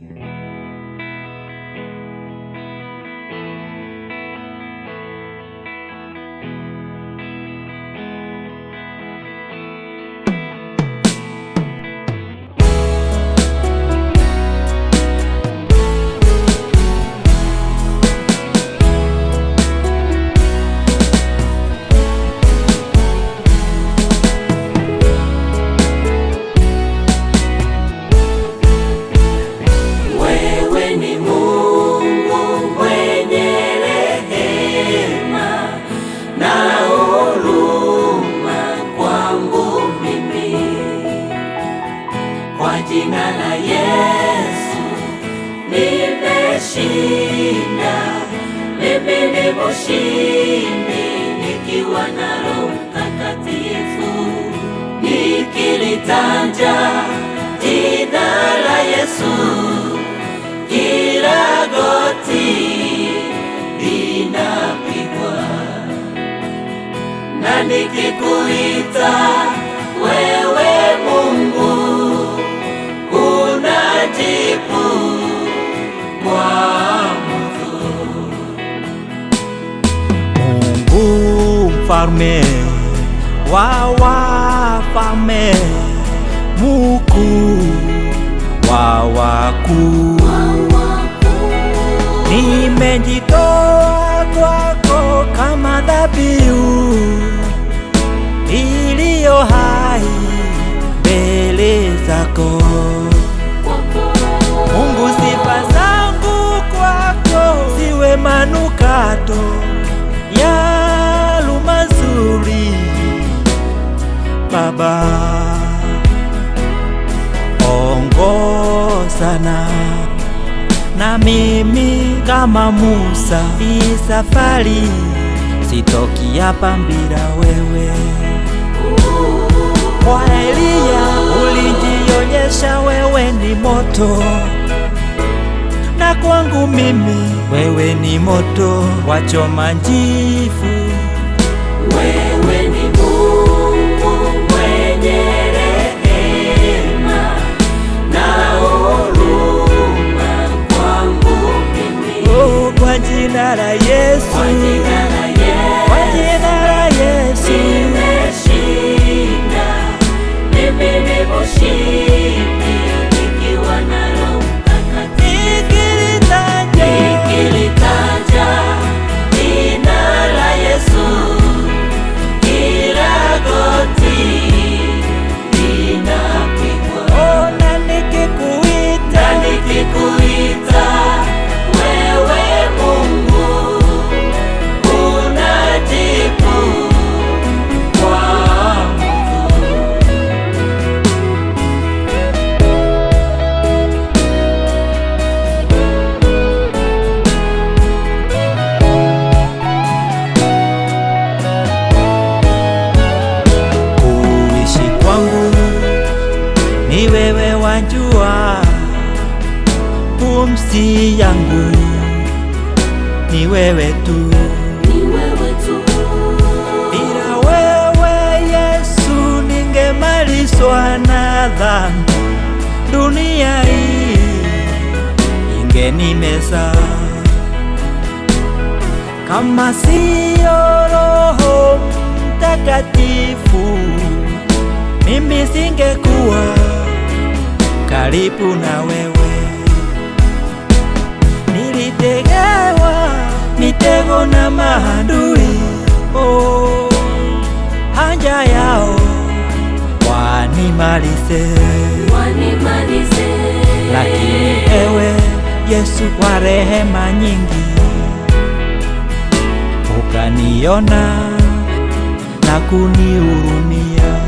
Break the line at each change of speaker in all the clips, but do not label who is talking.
Mm-hmm. na Roho Mtakatifu, nikilitaja jina la Yesu, kila goti linapigwa na nikikuita man. mimi kama Musa, hii safari sitoki hapa bila wewe. Kwa Eliya ulijionyesha, wewe ni moto, na kwangu mimi wewe ni moto wachoma njifu sauti yangu ni wewe tu, bila wewe Yesu ningemalizwa na dhambi, dunia hii ingenimeza. Kama siyo Roho Mtakatifu mimi singekuwa karibu na wewe. Tumetegewa mitego na maadui, oh, haja yao wanimalize,
wanimalize.
Lakini ewe Yesu kwa rehema nyingi ukaniona na kunihurumia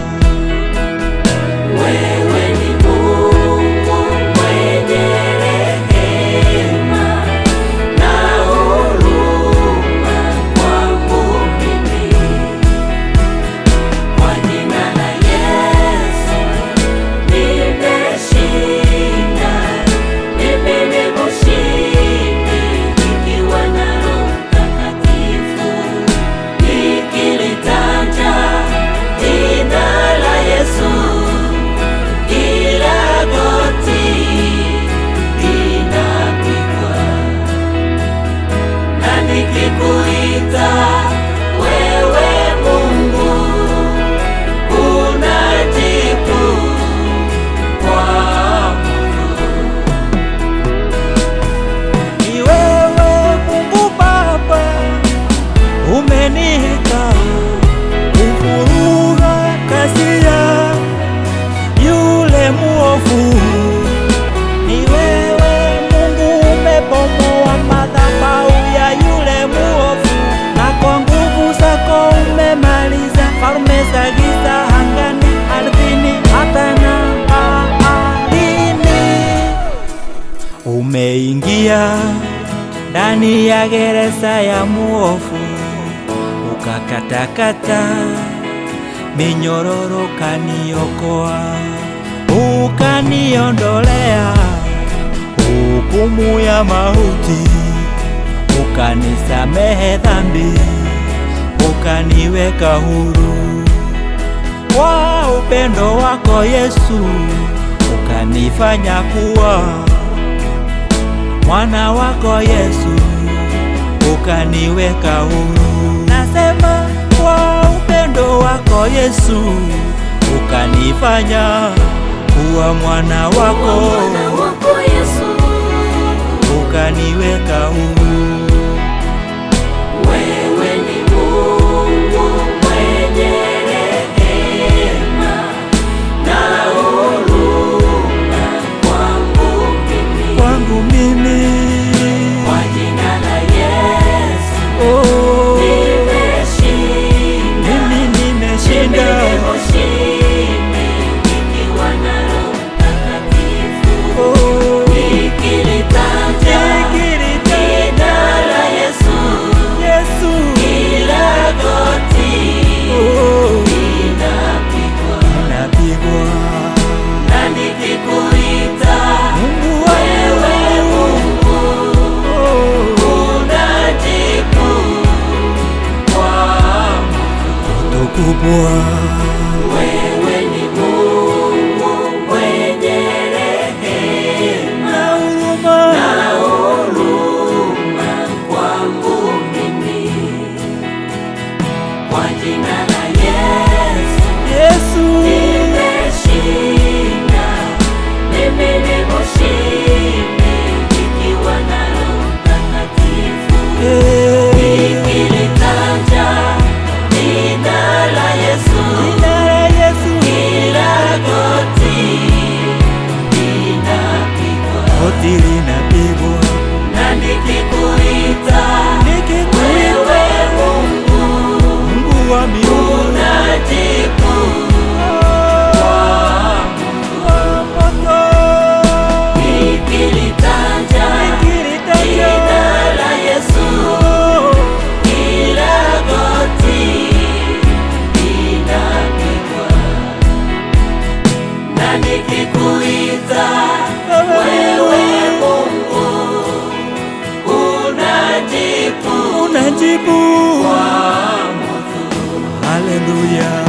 umeniita kuvuruga kasi ya yule muovu. Ni wewe Mungu umebomoa madhabahu ya yule muovu, na kwa nguvu zako umemaliza falme za giza hangani, ardhini, hata na baharini. Umeingia ndani ya gereza ya muovu katakata, minyororo kaniokoa, ukaniondolea hukumu ya mauti, ukanisamehe dhambi, ukaniweka huru kwa upendo wako Yesu, ukanifanya kuwa mwana wako Yesu, ukaniweka huru nasema upendo wako Yesu ukanifanya kuwa mwana wako ukaniweka Aleluia.